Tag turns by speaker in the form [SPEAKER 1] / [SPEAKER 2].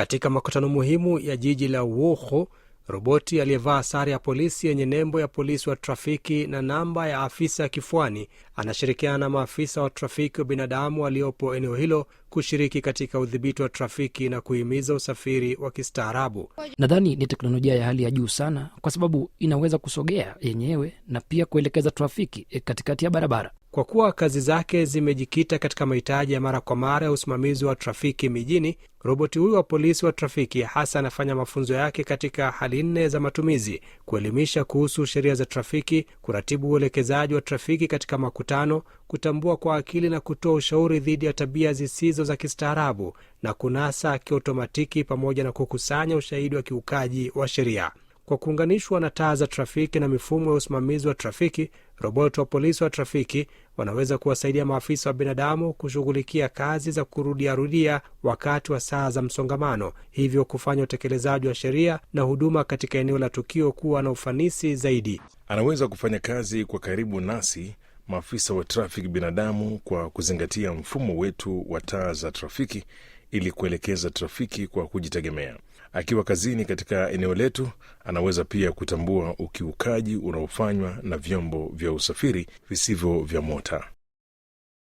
[SPEAKER 1] Katika makutano muhimu ya jiji la Wuhu, roboti aliyevaa sare ya polisi yenye nembo ya polisi wa trafiki na namba ya afisa ya kifuani anashirikiana na maafisa wa trafiki wa binadamu waliopo eneo hilo kushiriki katika udhibiti wa trafiki na kuhimiza usafiri wa kistaarabu.
[SPEAKER 2] Nadhani ni teknolojia ya hali ya juu sana, kwa sababu inaweza kusogea yenyewe na pia kuelekeza trafiki eh, katikati ya barabara.
[SPEAKER 1] Kwa kuwa kazi zake zimejikita katika mahitaji ya mara kwa mara ya usimamizi wa trafiki mijini, roboti huyu wa polisi wa trafiki hasa anafanya mafunzo yake katika hali nne za matumizi: kuelimisha kuhusu sheria za trafiki, kuratibu uelekezaji wa trafiki katika makutano, kutambua kwa akili na kutoa ushauri dhidi ya tabia zisizo za kistaarabu, na kunasa kiotomatiki, pamoja na kukusanya ushahidi wa kiukaji wa sheria kwa kuunganishwa na taa za trafiki na mifumo ya usimamizi wa trafiki, roboti wa polisi wa trafiki wanaweza kuwasaidia maafisa wa binadamu kushughulikia kazi za kurudiarudia wakati wa saa za msongamano, hivyo kufanya utekelezaji wa sheria na huduma katika eneo la tukio kuwa na ufanisi zaidi.
[SPEAKER 3] Anaweza kufanya kazi kwa karibu nasi maafisa wa trafiki binadamu kwa kuzingatia mfumo wetu wa taa za trafiki ili kuelekeza trafiki kwa kujitegemea. Akiwa kazini katika eneo letu, anaweza pia kutambua ukiukaji unaofanywa na vyombo vya usafiri visivyo vya mota.